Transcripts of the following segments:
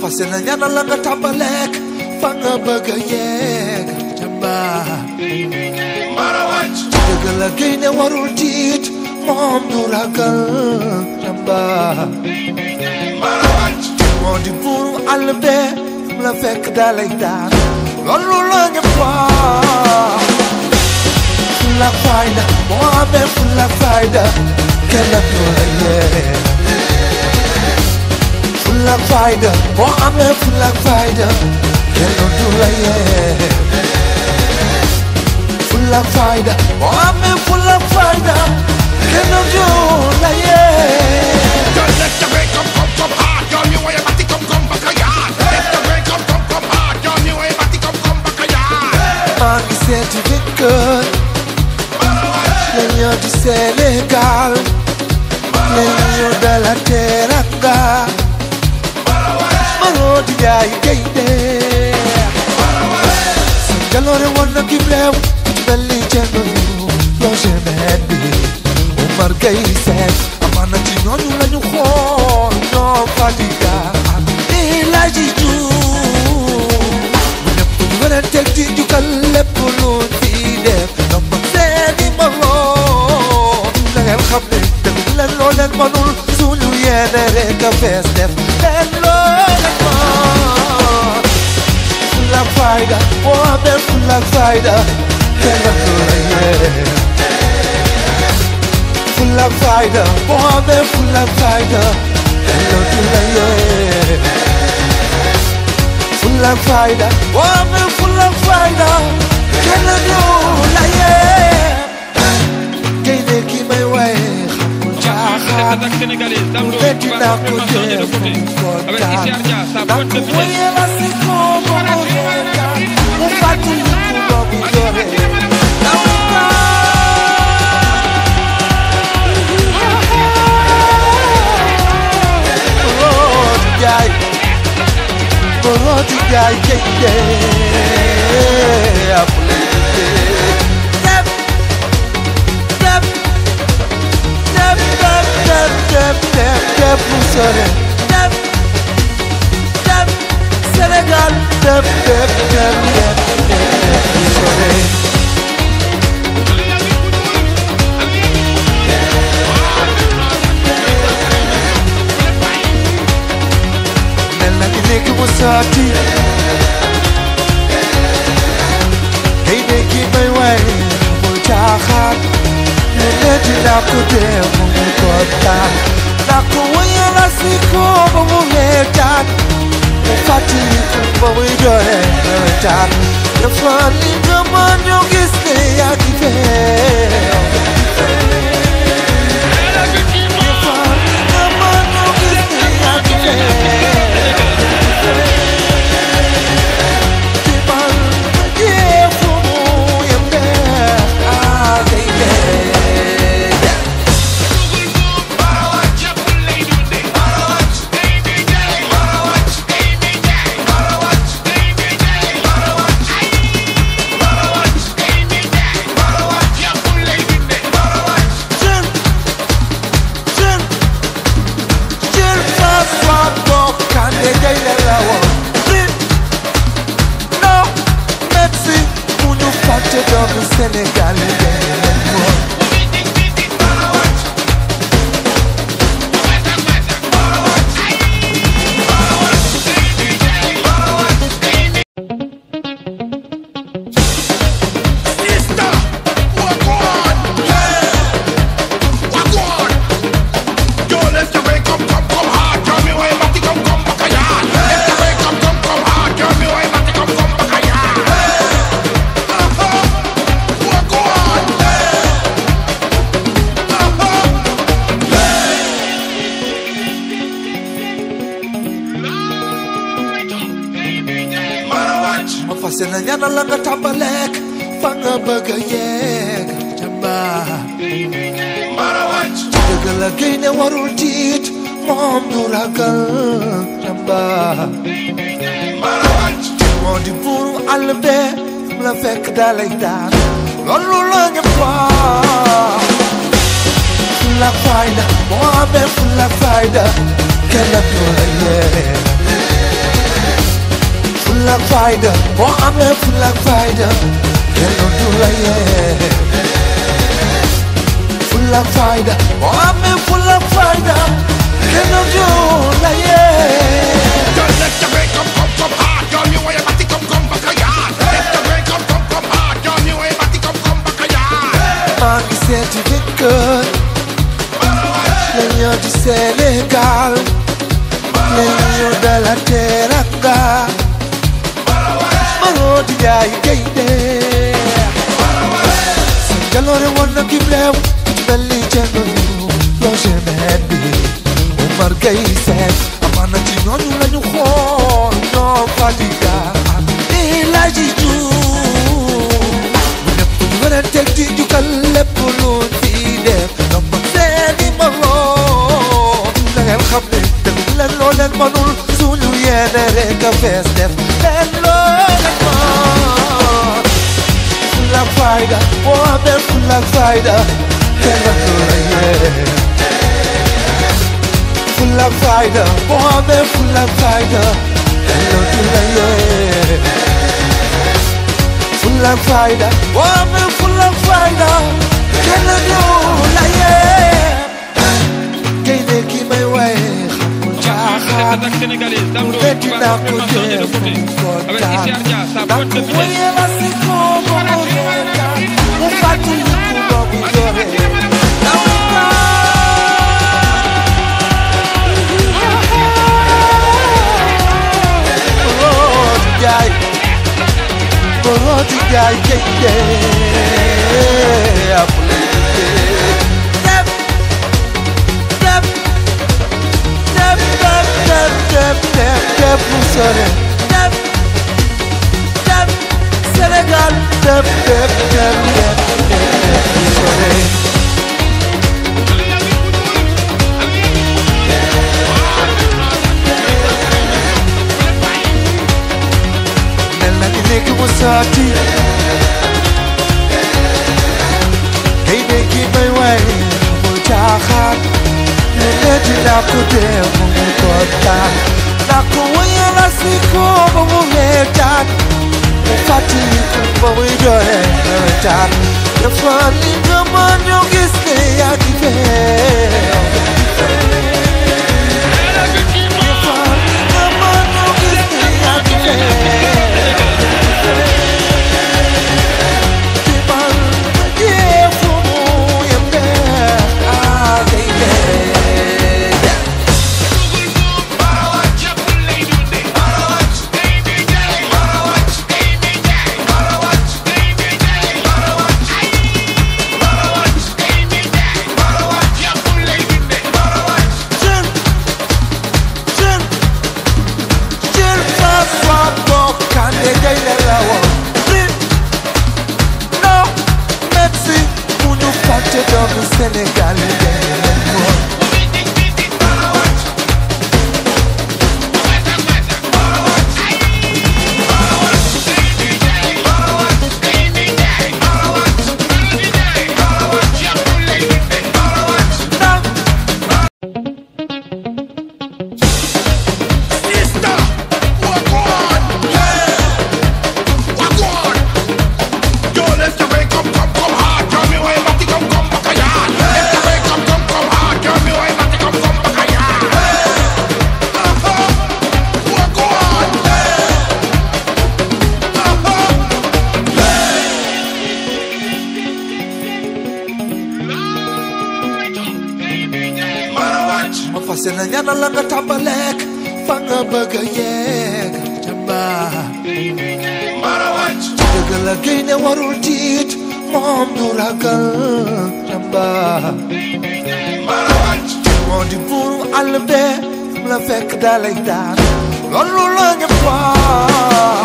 fas yéene ñaanal la nga tàmbaleek fa nga warul tiit moom du ragal jàmbaar. mara wàcc. di buuru àll bee la fekk dalay daan loolu la ñëpp wax. fulla fayda moo amee fulla fayda kenn du la yee. Full fulak fayda o ame fulak fayda kelo dula ye fulak fayda o ame fulak fayda kelo dula ye Don't let the break come, come, come hard, girl. You ain't about to come, come back again. Let the break come, come, come hard, girl. You ain't about to come, come back again. Man, you said you did good. Then you just say legal. Then you de la terra. jaaro di jaay gaynde sa jaloore woon na ki réew mel ni jengo yu yoo jemet bi Omar Gueye Seck amaana ci ñooñu lañu xool ñoo fadiga Elaaji Juuf mu ñëpp wara teg di jukkal lépp lu fi def dama seeni moroom da ngeen xam ne dëgg leen loo leen mënul suñu yéene rek a fees def leen loo فايدة وضف لك فايدة هنا كلية فلك فايدة وضف لك فايدة هنا كلية فلك فايدة وضف لك فايدة هنا كلية كيدك ما يويخ حتى السنغاليز دوروا في المنطقة الأولى. أبغى أشارك على سبب التسجيل. yeah, yeah. الأفراد اللي غمض يوم يسلي عكفاه la ñaanal la nga tàmbaleek fa nga bëgg a yeeg jàmbaar marawaj dëgg la gaynde warul tiit moom du ragal jàmbaar marawaj moo di buuru àll bee la fekk dalay daan loolu la ñëpp waa fulla fayda moo amee fulla fayda kenn du la yee like rider, oh I'm a full like rider. Hello, do I yeah. Full like rider, oh I'm a full like rider. كبلاو جبل جنونو يا جمال بيه عمر قيساس أمانة جنونو لنخور يا فاتيكا إلا إيه جيجو ونبتو ولا تجديد يقلب بلون في دم لما ثاني مرة لا الخبر الدم لولا المنور زولو يا نارك فاس لا لولا المنور لا فايدة لك فايدة كلمة نورية كلك فايدة محمد كلك فايدة كلمة نورية كلك فايدة محمد كلك فايدة كلمة نورية كيدك ما يويخ منتخب السنغاليز دوري كما نقول لكم gel gel gel Abone Dep Dep Dep dep dep dep dep dep bu sene Dep Dep Senegal Dep dep dep Tá na era com mutotta Nakuwanya lasiko mumuleta Mufati eu falei mwereta Yafani que gisne de kibeo awa No, merci nous dans fas yéene ñaanal la nga tàmbaleek fa nga bëgg warul tiit moom du ragal jàmbaar. mara wàcc. di buuru àll bee la fekk daa lay daan loolu la nga faa.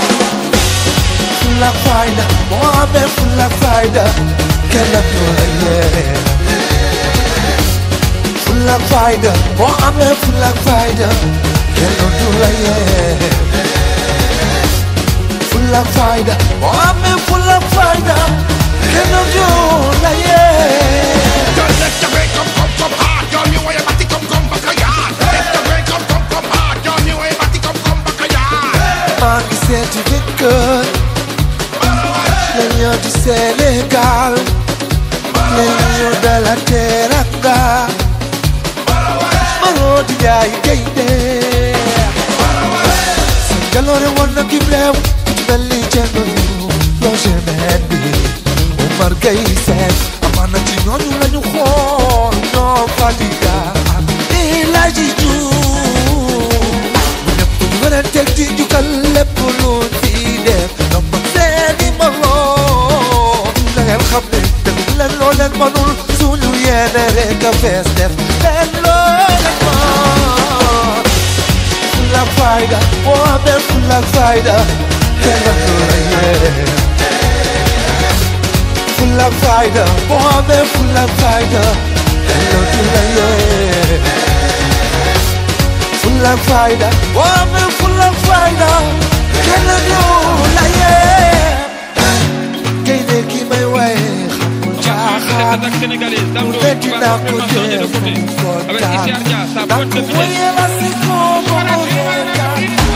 fulla fayda moo amee fulla fayda kenn du la yee. full of fighter, oh I'm a full of fighter. Hello to la yeah. Full of fighter, oh I'm a full of fighter. Hello to la yeah. Girl, let the break come, come, hard, girl, you way about to come, come back a Let the break come, come, hard, girl, you way about to come, come back a yard. Man, he said to get good. Lenho de Senegal, lenho da Lateranga. صوتي جاي جيدة قالوا وانا كبلاو تبلي جمالو لو جمال بي عمر قيسات أمانا جنون ولا نخون نوم فاليا إلا جيجو ونبتن ولا تجيجو قلب بلون في دم لما ثاني مرة لغير خبلت لن لولا المنور سولو يا نارك فاس دف faida Tena kuraye Fulla faida Bohabe fulla faida Tena kuraye Fulla faida Bohabe fulla faida Tena kuraye Kede ki may wae Attaque sénégalaise, Daoudo, qui va sortir de côté. Avec Issi Ardia, sa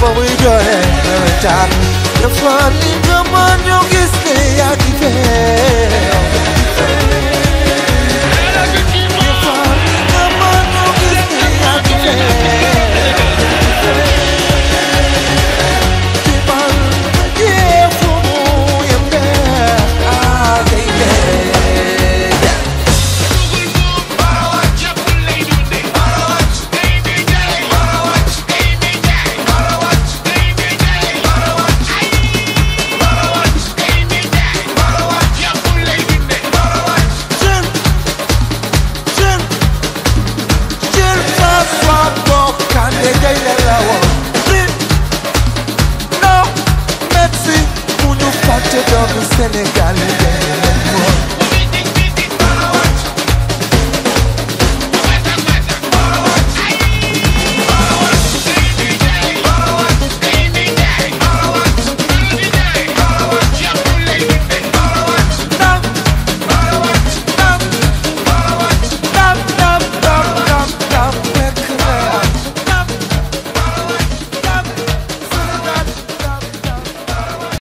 ba muy jooyee nawetaan dafa li nga mën ñoo gis ne yaa ngi fee